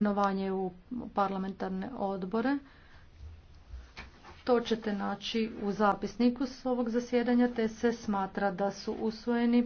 imenovanje u parlamentarne odbore. To ćete naći u zapisniku s ovog zasjedanja te se smatra da su usvojeni.